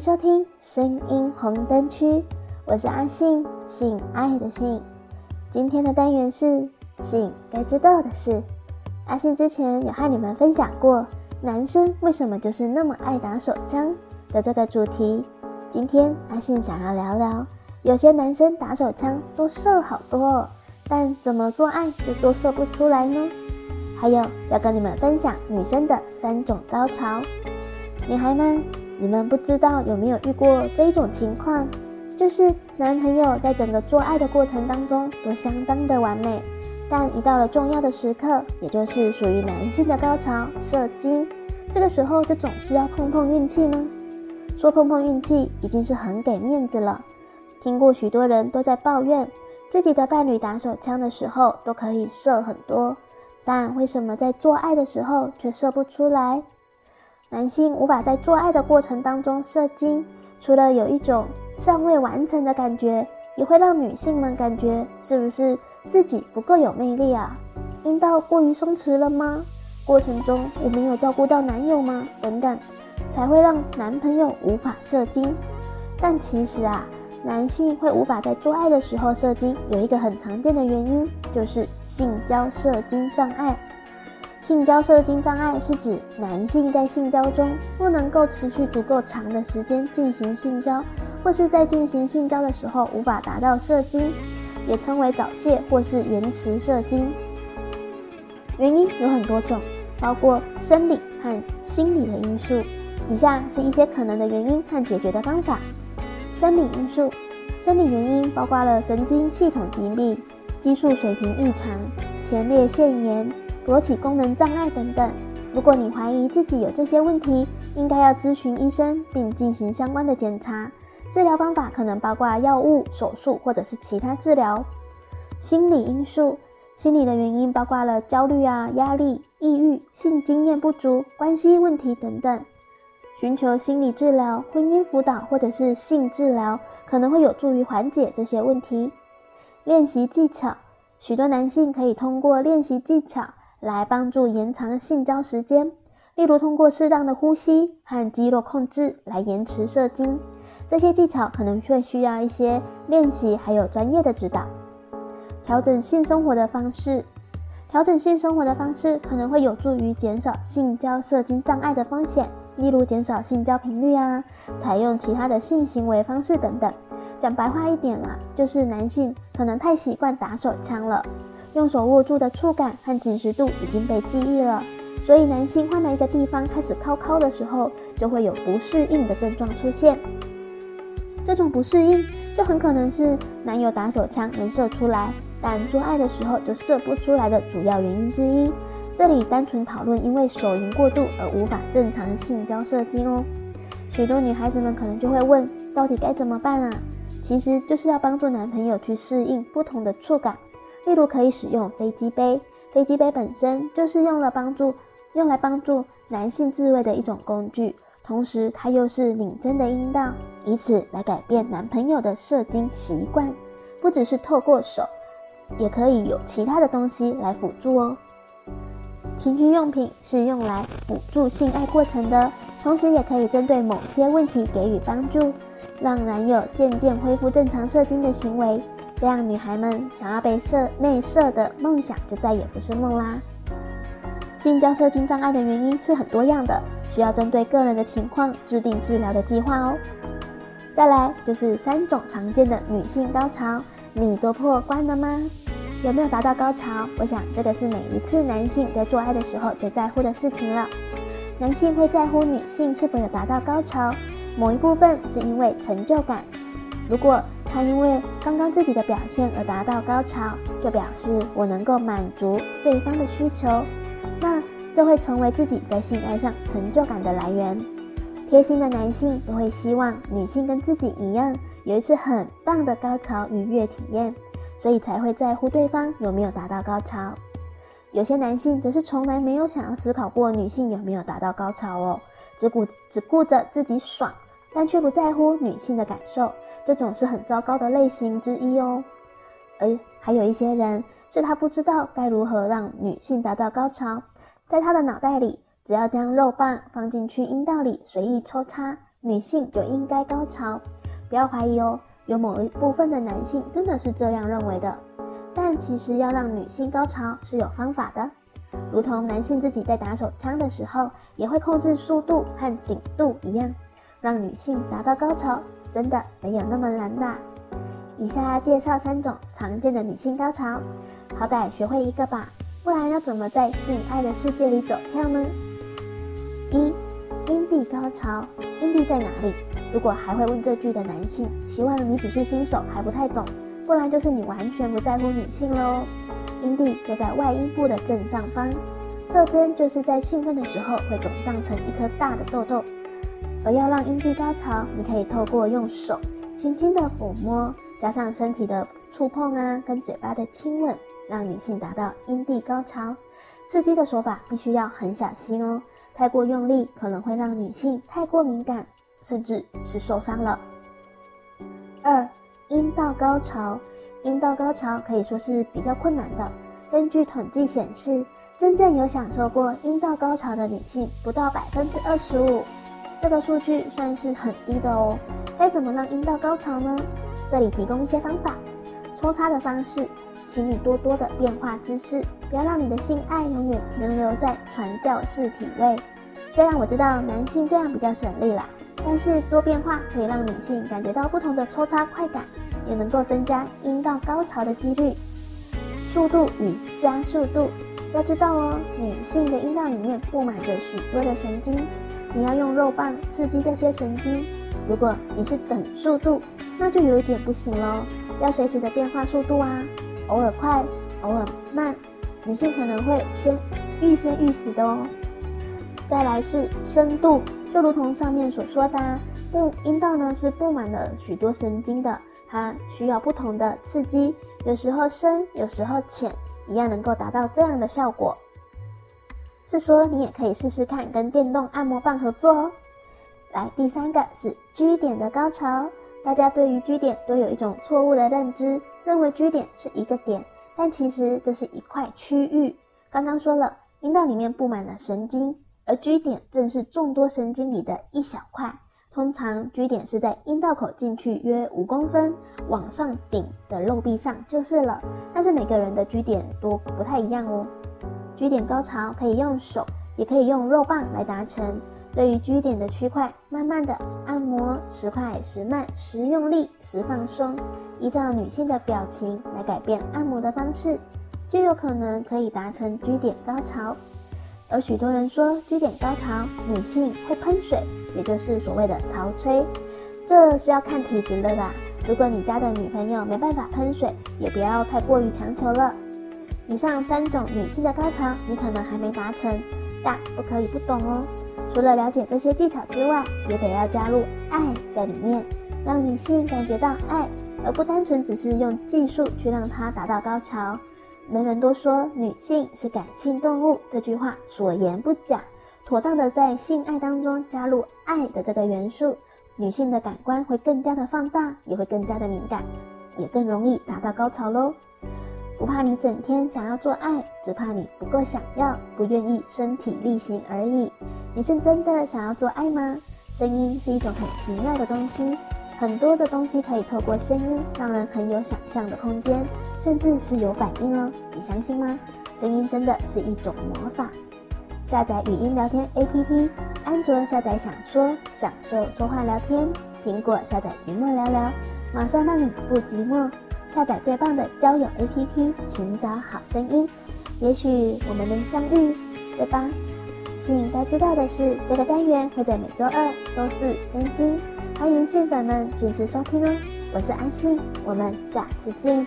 收聽聲音紅燈區，我是阿信，性愛的性。今天的單元是性該知道的事。阿信之前有和你們分享過男生為什麼就是那麼愛打手槍的這個主題，今天阿信想要聊聊有些男生打手槍都射好多，但怎麼做愛就都射不出來呢？還有要跟你們分享女生的三種高潮，女孩們。你們不知道有沒有遇過這一種情況，就是男朋友在整個做愛的過程當中都相當的完美，但一到了重要的時刻，也就是屬於男性的高潮射精，這個時候就總是要碰碰運氣呢？說碰碰運氣已經是很給面子了。聽過許多人都在抱怨，自己的伴侶打手槍的時候都可以射很多，但為什麼在做愛的時候卻射不出來？男性無法在做愛的過程當中射精，除了有一種尚未完成的感覺，也會讓女性們感覺是不是自己不夠有魅力啊？陰道過於鬆弛了嗎？過程中我們有照顧到男友嗎？等等，才會讓男朋友無法射精。但其實啊，男性會無法在做愛的時候射精，有一個很常見的原因，就是性交射精障礙。性交射精障礙是指男性在性交中不能夠持續足夠長的時間進行性交，或是在進行性交的時候無法達到射精，也稱為早洩或是延遲射精。原因有很多種，包括生理和心理的因素。以下是一些可能的原因和解決的方法。生理因素：生理原因包括了神經系統疾病、激素水平異常、前列腺炎。勃起功能障礙等等。如果你懷疑自己有這些問題，應該要諮詢醫生並進行相關的檢查。治療方法可能包括藥物、手術或者是其他治療。心理因素，心理的原因包括了焦慮啊、壓力、抑鬱、性經驗不足、關係問題等等。尋求心理治療、婚姻輔導或者是性治療可能會有助於緩解這些問題。練習技巧，許多男性可以通過練習技巧。來幫助延長性交時間，例如通過適當的呼吸和肌肉控制來延遲射精。這些技巧可能會需要一些練習，還有專業的指導。調整性生活的方式，調整性生活的方式可能會有助於減少性交射精障礙的風險，例如減少性交頻率啊，採用其他的性行為方式等等。講白話一點啦、啊，就是男性可能太習慣打手槍了。用手握住的觸感和緊實度已經被記憶了，所以男性換到一個地方開始靠靠的時候，就會有不適應的症狀出現。這種不適應，就很可能是男友打手槍能射出來，但做愛的時候就射不出來的主要原因之一。這裡單純討論因為手淫過度而無法正常性交射精哦。許多女孩子們可能就會問，到底該怎麼辦啊？其實就是要幫助男朋友去適應不同的觸感。例如可以使用飛機杯，飛機杯本身就是用了幫助用來幫助男性自慰的一種工具，同時它又是領真的陰道，以此來改變男朋友的射精習慣。不只是透過手，也可以有其他的東西來輔助哦。情趣用品是用來輔助性愛過程的，同時也可以針對某些問題給予幫助，讓男友漸漸恢復正常射精的行為。這樣，女孩們想要被射、內射的夢想就再也不是夢啦。性交射精障礙的原因是很多樣的，需要針對個人的情況制定治療的計劃哦。再來就是三種常見的女性高潮，你都破關了嗎？有沒有達到高潮？我想這個是每一次男性在做愛的時候最在乎的事情了。男性會在乎女性是否有達到高潮，某一部分是因為成就感。如果他因為剛剛自己的表現而達到高潮，就表示我能夠滿足對方的需求，那這會成為自己在性愛上成就感的來源。貼心的男性都會希望女性跟自己一樣有一次很棒的高潮愉悅體驗，所以才會在乎對方有沒有達到高潮。有些男性則是從來沒有想要思考過女性有沒有達到高潮哦，只顧只顧着自己爽，但卻不在乎女性的感受。這種是很糟糕的類型之一哦，而、欸、還有一些人是他不知道該如何讓女性達到高潮，在他的腦袋裡，只要將肉棒放進去陰道裡隨意抽插，女性就應該高潮。不要懷疑哦，有某一部分的男性真的是這樣認為的。但其實要讓女性高潮是有方法的，如同男性自己在打手槍的時候也會控制速度和緊度一樣，讓女性達到高潮。真的沒有那麼難的，以下介紹三種常見的女性高潮，好歹學會一個吧，不然要怎麼在性愛的世界裡走跳呢？一，陰蒂高潮，陰蒂在哪裡？如果還會問這句的男性，希望你只是新手還不太懂，不然就是你完全不在乎女性嘍。陰蒂就在外陰部的正上方，特徵就是在興奮的時候會腫脹成一顆大的痘痘。而要讓陰蒂高潮，你可以透過用手輕輕的撫摸，加上身體的觸碰啊，跟嘴巴的親吻，讓女性達到陰蒂高潮。刺激的手法必須要很小心哦，太過用力可能會讓女性太過敏感，甚至是受傷了。二，陰道高潮，陰道高潮可以說是比較困難的。根據統計顯示，真正有享受過陰道高潮的女性不到百分之二十五。這個數據算是很低的哦，該怎麼讓陰道高潮呢？這裡提供一些方法。抽插的方式，請你多多的變化姿勢，不要讓你的性愛永遠停留在傳教士體位。雖然我知道男性這樣比較省力啦，但是多變化可以讓女性感覺到不同的抽插快感，也能夠增加陰道高潮的幾率。速度與加速度，要知道哦，女性的陰道裡面布滿着許多的神經。你要用肉棒刺激這些神經，如果你是等速度，那就有一點不行咯，要隨時的變化速度啊，偶爾快，偶爾慢，女性可能會先欲仙欲死的哦。再來是深度，就如同上面所說的啊，布陰道呢是布滿了許多神經的，它需要不同的刺激，有時候深，有時候淺，一樣能夠達到這樣的效果。是說你也可以試試看跟電動按摩棒合作哦。來，第三個是 G 點的高潮。大家對於 G 點都有一種錯誤的認知，認為 G 點是一個點，但其實這是一塊區域。剛剛說了，陰道裡面布滿了神經，而 G 點正是眾多神經裡的一小塊。通常 G 點是在陰道口進去約五公分往上頂的肉壁上就是了。但是每個人的 G 點都不太一樣哦。G 點高潮可以用手，也可以用肉棒來達成。對於 G 點的區塊，慢慢的按摩，時快時慢，時用力，時放鬆，依照女性的表情來改變按摩的方式，就有可能可以達成 G 點高潮。而許多人說 G 點高潮女性會噴水，也就是所謂的潮吹，這是要看體質的啦。如果你家的女朋友沒辦法噴水，也不要太過於強求了。以上三種女性的高潮，你可能還沒達成，但不可以不懂哦。除了了解這些技巧之外，也得要加入愛在裡面，讓女性感覺到愛，而不單純只是用技術去讓她達到高潮。人人都說，女性是感性動物這句話所言不假。妥當的在性愛當中加入愛的這個元素，女性的感官會更加的放大，也會更加的敏感，也更容易達到高潮嘍。不怕你整天想要做愛，只怕你不夠想要，不願意身體力行而已。你是真的想要做愛嗎？聲音是一種很奇妙的東西，很多的東西可以透過聲音讓人很有想象的空間，甚至是有反應哦。你相信嗎？聲音真的是一種魔法。下載語音聊天 APP，安卓下載享說享受說話聊天，蘋果下載寂寞聊聊，馬上讓你不寂寞。下載最棒的交友 APP，尋找好聲音，也許我們能相遇，對吧？性該知道的事，這個單元會在每周二、周四更新，歡迎性粉們準時收聽哦。我是安心，我們下次見。